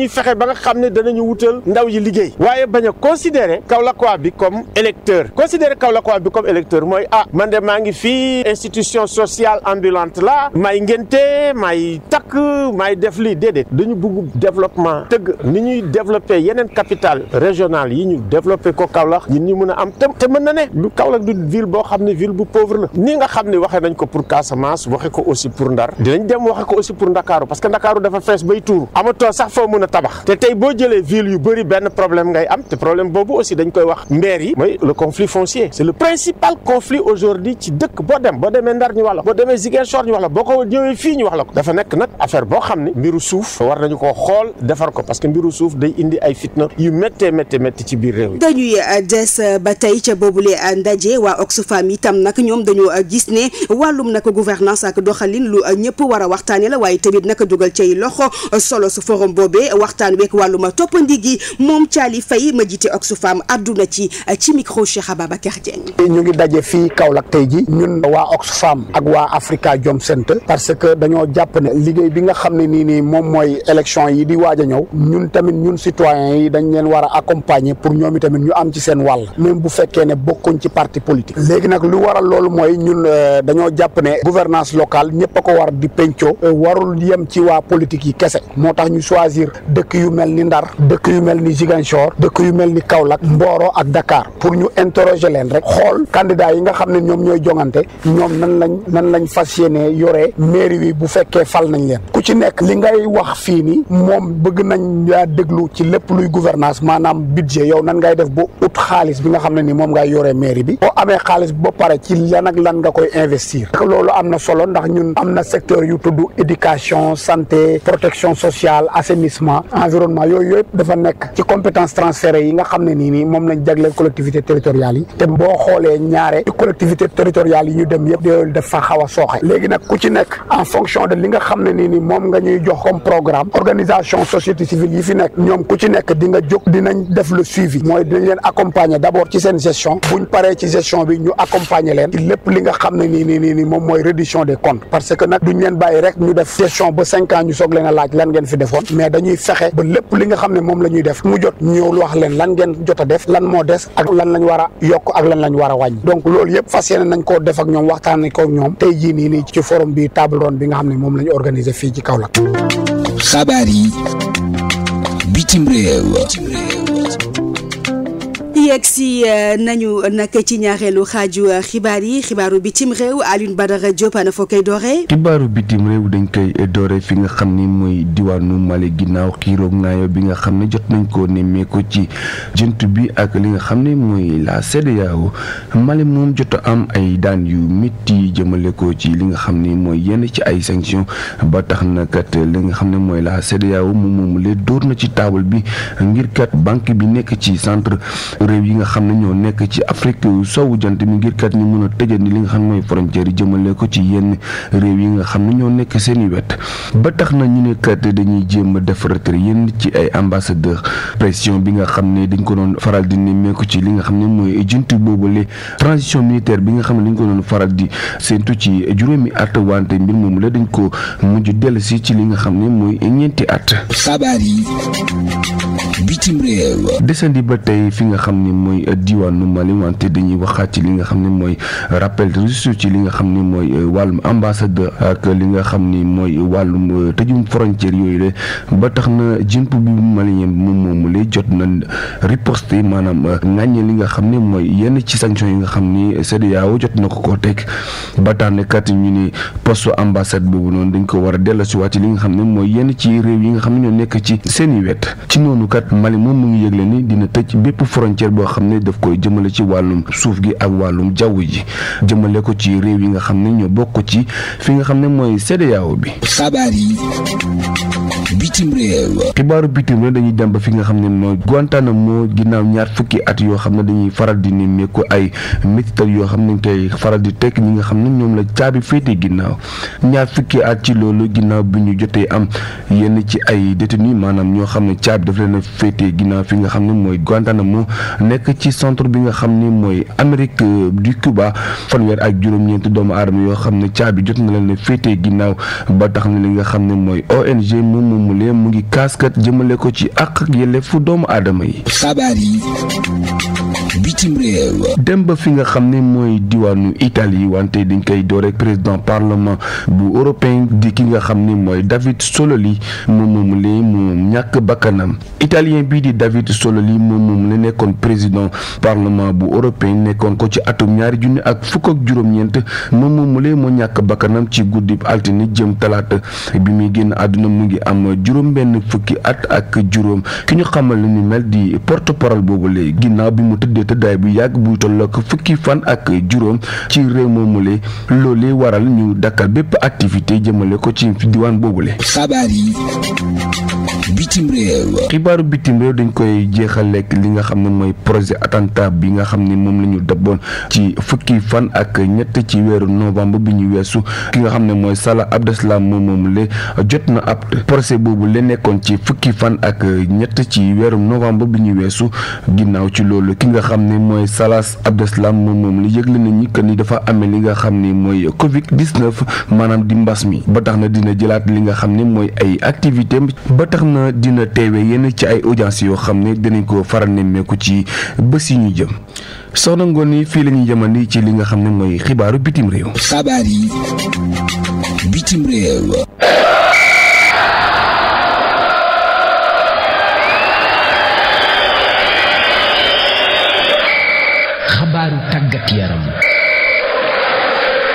xam ne danañu wutal ndaw yi liggéey waaye bañ a considérer Kaolackois bi comme électeur considérer Kaolackois bi comme électeur mooy ah man de maa ngi fii institution sociale ambulante la may ngeente may takk may def lii déedéet dañu bugg développement tëgg ni ñuy développer yeneen capital régional yi ñu développer ko Kaolack ñun ñu mun a am te mën na ne lu Kaolack du ville boo xam ne ville bu pauvre la ni nga xam ne waxee nañ ko pour Casamance waxe ko aussi pour Ndar dinañ dem waxe ko aussi pour Ndakaaru parce que Ndakaaru dafa fees bay tuuru amatoo sax foo mën a tabax tey boo jëlee ville yu bëri benn problème ngay am te problème boobu aussi dañ koy wax mbeer yi mooy le conflit foncier c'est le principal conflit aujourd'hui ci dëkk boo dem boo demee Ndar ñu wax la boo demee Ziguinchor ñu wax la boo ko ñëwee fii ñu wax la ko dafa nekk nag affaire boo xam ne mbiru suuf war nañu ko xool defar ko parce que mbiru suuf day indi ay fitna yu méttee méttee métti ci biir réew yi dañuy des ba tey ca boobule ndaje waa Oxfam itam nag ñoom dañoo gis ne wàllum nag gouvernance ak doxalin lu ñëpp a la waaye tamit nag dugal cay wàllum toppandi gi moom Thialy Faye ma jiite Oxfam àdduna ci ci micro Cheikh Ababacar Dieng. ñu ngi daje fii Kaolack tey ji ñun waa Oxfam ak waa Afrikajom Center parce que dañoo jàpp ne liggéey bi nga xam ne nii nii moom mooy élection yi di waaj a ñëw ñun tamit ñun citoyens yi dañ leen war a accompagner pour ñoom tamit ñu am ci seen wàll même bu fekkee ne bokkuñ ci parti politique léegi nag lu waral loolu mooy ñun euh, dañoo jàpp ne gouvernance locale ñëpp a ko war di penco euh, warul yem ci waa politique yi kese moo tax ñu choisir dëkk yu mel mel ni Ndar dëkk yu mel ni Ziguinchor dëkk yu mel ni Kaolack Mboro ak Dakar pour ñu interroger leen rek xool candidat yi nga xam ne ñoom ñooy jongante ñoom nan lañ nan lañ fas yéenee yoree mairie wi bu fekkee fal nañ leen ku ci nekk li ngay wax fii ni moom bëgg nañ yaa déglu ci lépp luy gouvernance maanaam budget yow nan ngay def bu ut xaalis bi nga xam ne nii moom ngay yore mairie bi boo amee xaalis ba pare ci lan ak lan nga koy investir loolu am na solo ndax ñun am na secteur yu tudd éducation santé protection sociale assainissement environnement développement yooyu yëpp dafa nekk ci compétence transférées yi nga xam ne nii nii moom lañ jagleel collectivité territoriales yi te boo xoolee ñaare collectivité territoriales yi ñu dem yëpp yooyu dafa xaw a sooxe léegi nag ku ci nekk en fonction de li nga xam ne nii nii moom nga ñuy jox comme programme organisation société civile yi fi nekk ñoom ku ci nekk di nga jóg dinañ def le suivi mooy dinañ leen accompagner d'abord ci seen gestion buñ paree ci gestion ñu accompagner leen ci lépp xam ne nii nii nii nii moom mooy reddition des parce que nag duñ leen bàyyi rek ñu def gestion ba cinq ans ñu laaj lan ngeen fi defoon mais dañuy fexe ba lépp li nga xam ne moom la ñuy def mu jot ñëw wax leen lan geen jot def lan moo des ak lan lañ war a yokk ak lan lañ war a wàññi donc loolu yëpp fas yéene nañ koo def ak ñoom waxtaan ko ñoom tey jii nii nii ci forum bi table ronde bi nga xam ne moom la ñu organisé fii ci Kaolack. xabaar yi bitim yegg si euh, nañu nag ci ñaareelu xaaju euh, xibaar yi xibaaru bitim réew Alioune Badara Diop ana foo koy dooree. xibaaru bitim réew dañ koy dooree fi nga xam ni mooy diwaanu male ginnaaw xiiroog ngaayo bi nga xam ne jot nañ koo nemmeeku ci jënt bi ak li nga xam ne mooy la CEDEAO Mali moom jot am ay daan yu métti jëmale ko ci li nga xam ne mooy yenn ci ay sanctions ba tax na kat li nga xam ne mooy la CEDEAO moom moom la dóor na ci taabal bi ngir kat banque bi nekk ci centre. réew yi nga xam ne ñoo nekk ci Afrique sowu jant mi ngir kat ñu mën a tëjandi li nga xam mooy frontière yi jëmale ko ci yenn réew yi nga xam ne ñoo nekk seeni wet ba tax na ñu ne kat dañuy jéem a def retrait yenn ci ay ambassadeur pression bi nga xam ne dañ ko doon faral di nemmeeku ci li nga xam ne mooy juntu boobule transition militaire bi nga xam ne dañ ko doon faral di séentu ci juróomi at wante mbir moom la dañ ko mujj dellusi ci li nga xam ne mooy ñeenti at. xabaar bitim réew. desandi ba tey fi nga xam ni mooy euh, diwaanu Mali wante dañuy waxaat ci li nga xam ne mooy euh, rappel russe ci li nga xam ne mooy euh, wàllum ambassadeur ak li nga xam ni mooy wàllum tëjum frontière yooyu de ba tax na jën bu malien moom moomu lay jot na riposte maanaam ŋàññe li nga xam ne mooy yenn ci sanction yi nga xam ni CEDEAO jot na ko ko teg ba tax na kat ñu ni poste ambassade boobu noonu dañ ko war a dellusiwaat ci li nga xam ne mooy yenn ci réew yi nga xam ne ñoo nekk ci seen i wet ci noonu Mali moom mu ngi la ni dina tëj bépp frontière boo xam ne daf koy jëmale ci wàllum suuf gi ak wàllum jaww ji jëmale ko ci réew yi nga xam ne ñoo bokk ci fi nga xam ne mooy CEDEAO bi xabaar bitim réew xibaaru bitim réew dañuy dem ba fi nga xam ne mooy Guantanamo ginnaaw ñaar fukki at yoo xam ne dañuy faral di nemmeeku ay métital yoo xam ne koy faral di tekk ñi nga xam ne ñoom la caabi féete ginnaaw ñaar fukki at ci loolu ginnaaw bi ñu jotee am yenn ci ay détenus maanaam ñoo xam ne caabi dafa leen a féete ginnaaw fi nga xam ne mooy Guantanamo nekk ci centre bi nga xam ne mooy Amérique du Cuba fanweer ak juróom-ñeenti doomu aadama yoo xam ne caabi jot nga xam ne mooy moomulee mu ngi kaaskat jëmale ko ci àq ak yelleefu doomu aadama yi. xabaar yi. bitim dem ba fi nga xam ne mooy diwaanu Italie wante dañ koy door président parlement bu européen di ki nga xam ni mooy David Sololi moom moom lee moom ñàkk bakkanam italien bii di David Sololi moom moom la nekkoon président parlement bu européen nekkoon ko ci atum ñaari junni ak fukk ak juróom-ñeent moom moom lee moo ñàkk bakkanam ci guddib altine jëm talaata bi muy génn àdduna mu ngi am juróom benn fukki at ak juróom ki ñu xamal lu ñu mel di porte parole boobu lee ginnaaw bi mu tëddee tëddaay toogaay bu yàgg buy tollook fukki fan ak juróom ci réew moomule loole waral ñu dakkal bépp activité jëmale ko ci diwaan boobule. xabaar bitim réew. xibaaru bitim réew dañ koy jeexal lekk li nga xam ne mooy projet attentat bi nga xam ne moom la ñu dëbboon ci fukki fan ak ñett ci weeru novembre bi ñu weesu ki nga xam ne mooy Salah Abdeslam moom moom le jot na ab procès boobu la nekkoon ci fukki fan ak ñett ci weeru novembre bi ñu weesu ginnaaw ci loolu ki nga xam ne mooy Salah Abdeslam moom moom la yëgle na ñi que ni dafa amee li nga xam ne mooy Covid 19 maanaam di mbas mi ba tax na dina jëlaat li nga xam ne mooy ay activités ba tax na dina teewe yenn ci ay audience yoo xam ne dinañ ko faral nemmeeku ci bés yi ñu jëm soxna ngoon yi fii la ñuy jëmandi ci li nga xam ne mooy xibaaru bitim réew. xabaar yi bitim réew.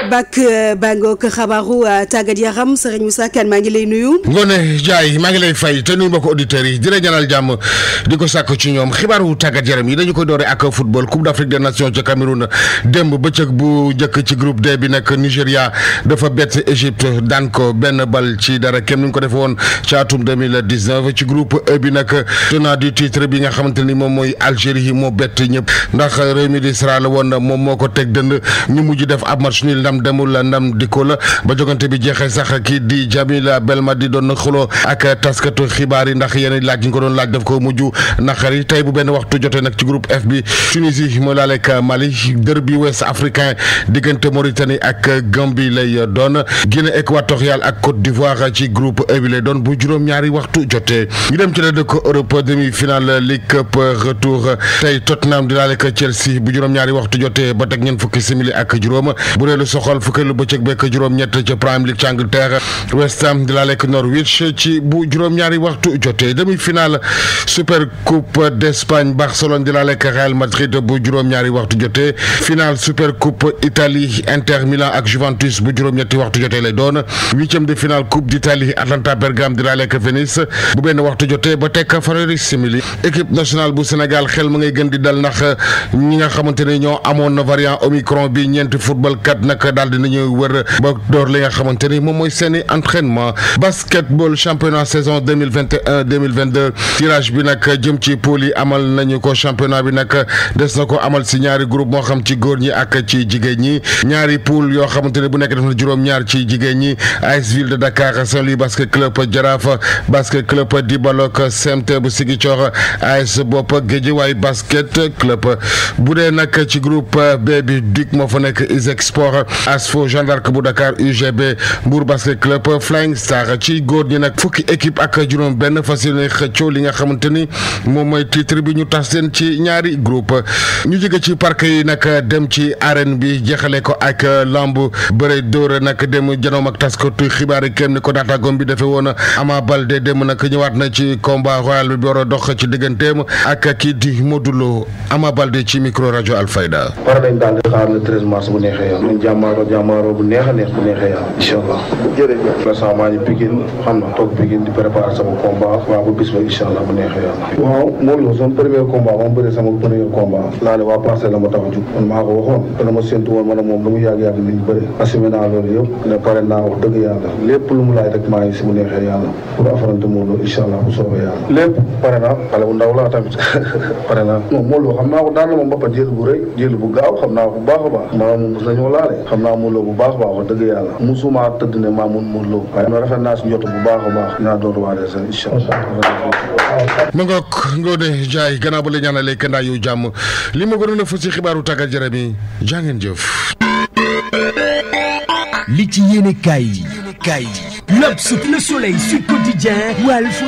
bak euh, bangook xabaaru euh, tàggat yaram Serigne Moussa Kane maa ngi lay nuyu. Ngone Ndiaye maa ngi lay fay te nuyu mbokku auditeurs yi di la jàmm di ko sàkk ci ñoom xibaaru tàggat yaram yi dañu koy dooree ak football Coupe d'Afrique des Nations ca Cameroun démb bëccëg bu njëkk ci group D bi nag nigeria dafa bett Égypte daan ko benn bal ci dara kenn ñu ko defee woon ca atum 2019 ci groupe E bi nag tenant du titre bi nga xamante ni moom mooy Algérie moo bett ñëpp ndax réew mi di Sierra Leone woon moom moo ko teg dënd ñu mujj def ab match nul ndam demul la ndam dikkul la ba jogante bi jeexee sax kii di Jamila Belmadi doon na xuloo ak taskatu xibaar yi ndax yenn laaj yi nga ko doon laaj daf ko mujj naqari tey bu benn waxtu jotee nag ci groupe F bi Tunisie mooy laaleeg Mali derby ouest africain diggante Mauritanie ak Gambie lay doon Guinée équatoriale ak Côte d'Ivoire ci groupe E bi lay doon bu juróom-ñaari waxtu jotee ñu dem ci la dëkk Europe demi-finale League Cup retour tey Tottenham di laaleeg Chelsea bu juróom-ñaari waxtu jotee ba teg ñeent fukki simili ak xool fukkeelu bëccëg bekk juróom-ñett ca Premier League ca Angleterre West Ham di laa lekk Norwich ci bu juróom-ñaari waxtu jotee demi-finale Super Coupe d'Espagne Barcelone di laa lekk Real Madrid bu juróom-ñaari waxtu jotee finale Super Coupe Italie Inter Milan ak Juventus bu juróom-ñetti waxtu jotee lay doon huitième de finale Coupe d'Italie Atalanta Bergame di laa lekk Venise bu benn waxtu jotee ba tekk fanweeri simili équipe nationale bu Sénégal xel ma ngay gën di dal ndax ñi nga xamante ñoo amoon na variant Omicron bi ñeenti football kat daal di nañu wër ba door li nga xamante ni moom mooy seeni entraînement basketball championnat saison deux mille vingt et un deux mille vingt deux tirage bi nag jëm ci pool yi amal nañu ko championnat bi nag des na ko amal si ñaari groupe moo xam ci góor ñi ak ci jigéen ñi ñaari pool yoo xamante ni bu nekk def na juróom-ñaar ci jigéen ñi AS Ville de Dakar Saint-Louis basket club Jaraaf basket club Dibalok CMT bu Ziguinchor AS Bopp Guédiawaye basket club bu dee nag ci groupe B bi Duc moo fa nekk ISEG ASFO Jeanne d'Arc bu Dakar UGB Mbour basket club Flying Star ci góor ñi nag fukki équipe ak juróom-benn fas yéene xëccoo li nga xamante ni moom mooy titre bi ñu tas leen ci ñaari groupe ñu jóge ci parc yi nag dem ci arène bi jeexale ko ak lamb bëre dóor nag dem janoom ak taskatu xibaar yi kenn ni ko naataangoom bi defee woon Ama Baldé dem nag ñëwaat na ci combat royal bi war a dox ci digganteem ak kii di Modou Lo Ama Balde ci micro rajo Alfayda. war jàmmaaroo jàmmaaroo bu neex a neex bu neexee yàlla incha allah. jërëjëf président maa ngi Pikine xam na toog Pikine di préparer la ma tax a jug man maa ko waxoon dana ma séntu woon ma ne moom lu mu yàgg yàgg nit ñi bëri assumé naa loolu yëpp ne pare naa wax dëgg yàlla lépp lu mu laaj rek maa ngi si bu neexee yàlla pour affronter Modou Lo incha allah bu soobee yàlla lépp pare naa xale bu ndaw laa tamit pare naa baax a baax maa moom mos nañoo naa Modou Lo bu baax a baax wax dëgg yàlla musuma tëdd ne maa mun Modou Lo waaye ma rafet naa si njot bu baax a baax dinaa doon waa des incha allah ma ngoog Ngoné Ndiaye gannaaw ba la ñaanalee kandaa yu jàmm li ma gënoon a fës si xibaaru tàggat yaram yi jaa ngeen jëf li ci yéene kaay yi kaay yi L'Obs, Le Soleil, Sud Quotidien, Walf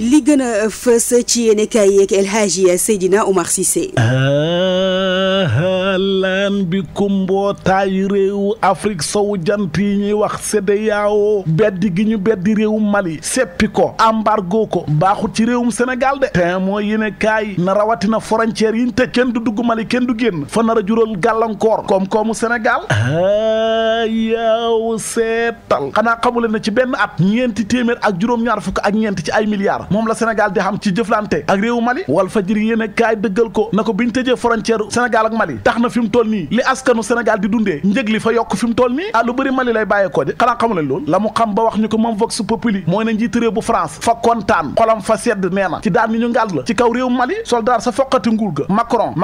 li gën a fës ci yéene kaay yeeg El Hadji Seydina Omar Cissé ah, ah. ahlan bikum mbootaayu réewu Afrique sowu jant yi ñuy wax CEDEAO beddi gi ñu beddi réewum Mali seppi ko embargo ko baaxut ci réewum Sénégal de te mooy yéene kaay na rawatina frontière yi ñu te kenn du dugg Mali kenn du génn fa nar a gàllankoor koom-koomu Sénégal yaw seetal xanaa xamuleen na ci benn at ñeenti téeméer ak juróom-ñaar fukk ak ñeenti ci ay milliards moom la Sénégal di xam ci jëflante ak réewu Mali Walfadjri yéene kaay dëggal ko ko biñ tëjee frontière Sénégal ak Mali na fi mu toll nii li askanu Sénégal di dundee njëg li fa yokk fi mu toll nii ah lu bëri Mali lay bàyyeekoo de xanaa xamu leen loolu la mu xam ba wax ñu ko moom vox populi mooy ne njiitu réew bu France fa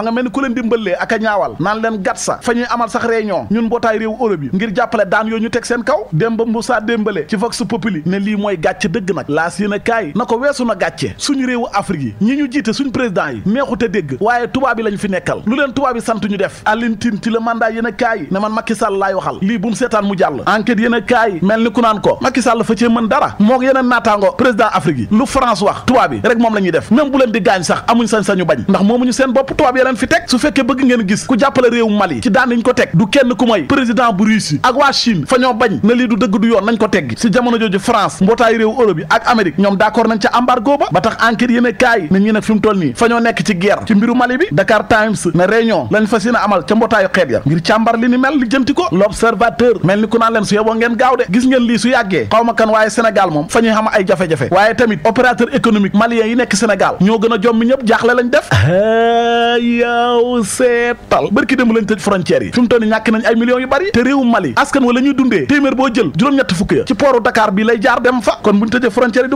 nga mel ni ku leen dimbalee ak a ñaawal naan leen gat sa ñuy amal sax réunion ñun mbootaay réew Europe yi ngir jàppale daan yooyu ñu teg seen kaw Demba Moussa Dembélé ci vox populi ne lii mooy gàcce dëgg nag laas yéen a na ko weesu na gàcce suñu réewu Afrique yi ñi ñu jiite suñ président yi meexute dégg waaye tubaab yi lañ fi nekkal lu leen tubaab yi sant ñu def def Alioune Tine ci le a kaay ne man Macky Sall laay waxal lii bu seetaan mu jàll enquête yéen a mel ni ku naan ko Macky Sall fa cee mën dara moog yeneen naataango président Afrique yi lu France wax tubaab yi rek moom la def même bu leen di gaañ sax amuñ sañ-sañu bañ ndax moomuñu seen bopp tubaab yi leen fi teg su fekkee bëgg ngeen gis ku jàppale réewu Mali ci daan ñu ko teg du kenn ku may président bu Russie na ko teggi si jamono jooju yi ak Amérique ñoom d'accord ba dina amal ca mbootaayu xeet ya ngir càmbar li ni mel li jënti ko l'observateur mel ni ku naan leen su yeboo ngeen gaaw de gis ngeen lii su yàggee xaw ma kan waaye Sénégal moom fa ñuy xam ay jafe-jafe waaye tamit opérateur économique malien yi nekk Sénégal ñoo gën a jommi ñëpp jaaxle lañ def yow seetal bërki démb lañ tëj frontières yi fi mu toll ni ñàkk nañ ay millions yu bari te réewu Mali askan wa la ñuy dundee téeméer boo jël juróom-ñett fukk ya ci pooru Dakar bi lay jaar dem fa kon buñ tëjee frontières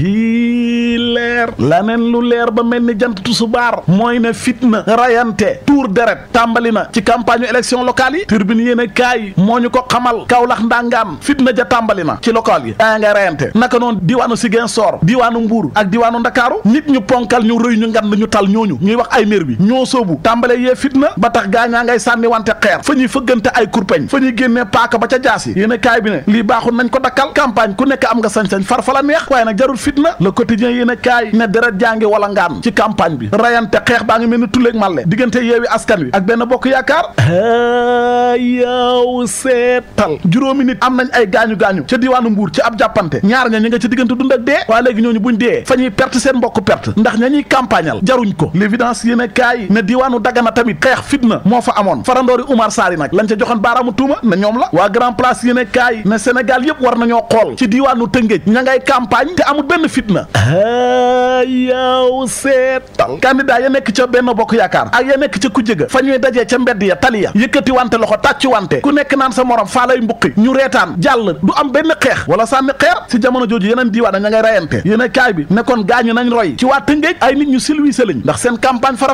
yi du lu leer ba mel ni jant tusubaar mooy ne fitna rayante tuur deret tàmbali na ci campagne élection locale yi turbine yéen a kaay moo ñu ko xamal Kaolack ndangaan fitna ja tàmbali na ci local yi daa nga reyante naka noonu diwaanu Ziguinchor diwaanu Mbuur ak diwaanu Ndakaaru nit ñu ponkal ñu rëy ñu ngand ñu tal ñooñu ñuy wax ay maire bi ñoo soobu tàmbale yee fitna ba tax gaa ñaa ngay sànni wante xeer fa ñuy fëggante ay kurpeñ fa ñuy génne paaka ba ca jaas yi a kaay bi ne lii baaxul nañ ko dakkal campagne ku nekk am nga sañ-sañ far fa la neex waaye jarul fitna le quotidien yéen a kaay ne wala ngaan ci campagne bi rayante baa ngi mel ni tulleeg màlle diggante yeewi askan wi ak benn bokk yaakaar yow seetal juróomi nit am nañ ay gaañu-gaañu ca diwaanu mbuur ci ab jàppante ñaar ña ñi nga ci diggante dund dee waa léegi ñooñu buñ dee fa ñuy perte seen mbokk perte ndax ña ñuy campagnal jaruñ ko l'évidence yéen a kaay ne diwaanu dagana tamit xeex fitna moo fa amoon farandoori Umar Saari nag lañ ca joxoon baaraamu tuuma na ñoom la waa grand place yéen a kaay ne Sénégal yëpp war nañoo xool ci diwaanu Tëngéej ña ngay campagne te amul benn fitna yow seetal candidat nekk ca benn bokk yaakaar ak ñuy dajee ca mbedd ya tali ya yëkkati wante loxo tàcc wante ku nekk naan sa waa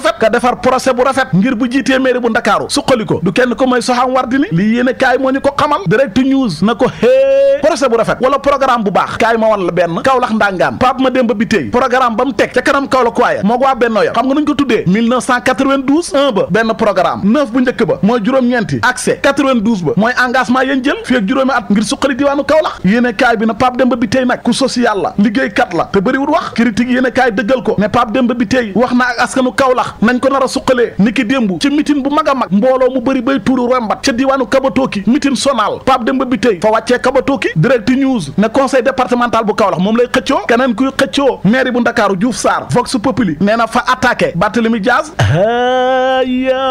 Tëngéej bu rafet ngir bu jiitee mairie bu ndakaaru suqali ko du kenn ko mooy soxaam war lii yéen kaay moo ñu ko xamal direct news na ko hee procès bu rafet wala programme bu baax kaay ma la benn Kaolack ndangaan Pape Mademba Bitèye programme ba mu teg ca kanam Kaolack waaye moo waa bennoo ya xam nga nuñ ko tuddee 1992 1 programme bu njëkk ba mooy juróom-ñeenti accès ba mooy engagement yéen jël fii juróomi at ngir suqali diwaanu Kaolack yéene kaay bi na Pape Demba bi tey nag ku social la liggéeykat la te bëriwul wax critique yéene kaay dëggal ko ne Pape Demba bi tey wax na ak askanu Kaolack nañ ko nar a suqalee ni démb ci mitin bu mag mbooloo mu bëri bay tuuru rombat ca diwaanu Kabatooki mitin sonal Pape Demba bi tey fa wàccee Kabatooki direct news ne conseil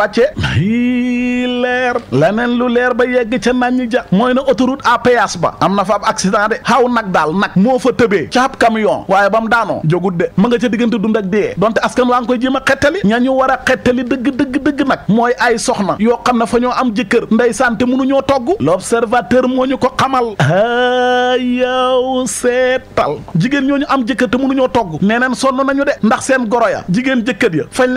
wàccee leer leneen lu leer ba yegg ca nañ ja mooy na autoroute à péage ba am na fa ab accident de xaw nag daal nag moo fa tëbee ca ab camion waaye ba mu daanoo jógut de ma nga ca diggante dund ak dee donte askan waa ngi koy jéem a xettali ña ñu war a xettali dëgg dëgg dëgg nag mooy ay soxna yoo xam ne fa ñoo am jëkkër ndeysaan te ñoo togg l'observateur moo ñu ko xamal yow seetal jigéen ñoo ñu am jëkkër te mënuñoo togg neneen sonn nañu de ndax goro ya jigéen jëkkër fañ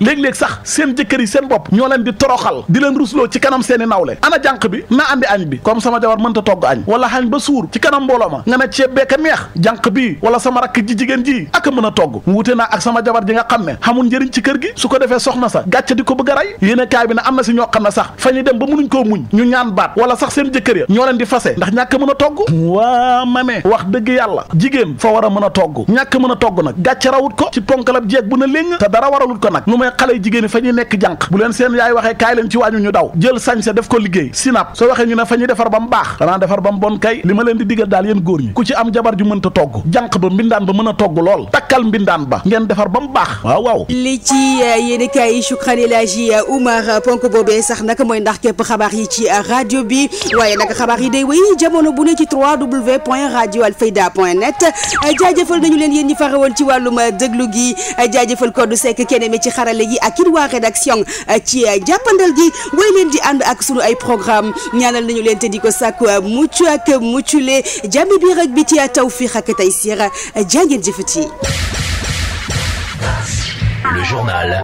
leen léeg-léeg sax seen jëkkër yi seen bopp ñoo leen di toroxal di leen rusloo ci kanam seeni nawle ana jànq bi na andi añ bi comme sama jabar mënta togg añ wala xañ ba suur ci kanam mbooloo ma nga ne ceeb beeka neex jànq bi wala sama rakk ji jigéen ji ak mën a togg wute naa ak sama jabar ji nga xam ne xamul njëriñ ci kër gi su ko defee soxna sax gàcce di ko bëgg a rey yéene kaay bi na am na si ñoo xam ne sax fa ñu dem ba mënuñ koo muñ ñu ñaan baat wala sax seen jëkkër ya ñoo leen di fase ndax ñàkk mën a togg waa wax dëgg yàlla jigéen fa war a mën a togg ñàkk mën a togg nag gàcce rawut ko ci ponkalab jeeg na léng te dara ko nag xale yu jigéen yi fa ñuy nekk jànq bu leen seen yaay waxee kaay leen ci wàññu ñu daw jël sañse def ko liggéey sinap soo waxee ñu ne fa ñuy defar ba mu baax xanaa defar ba mu bon kay li ma leen di digal daal yéen góor ñi ku ci am jabar ju mënta togg jànq ba mbindaan ba mën a togg lool takkal mbindaan ba ngeen defar ba mu baax waaw waaw li ci euh, yéeni kaay yi Shukran El euh, euh, ponk boobee sax nag mooy ndax képp xabaar yi ci rajo bi waaye nag xabaar yi day wéy jamono bu ne ci w point radio alfayda point net jaajëfal nañu xarale yi ak it waa rédaction euh, ci euh, jàppandal di ànd ak sunu ay programme ñaanal nañu leen te di ko sàkku euh, mucc ak muccule jàmmi biir ak biti tawfiq ak taysir jaa ngeen jëfati Le journal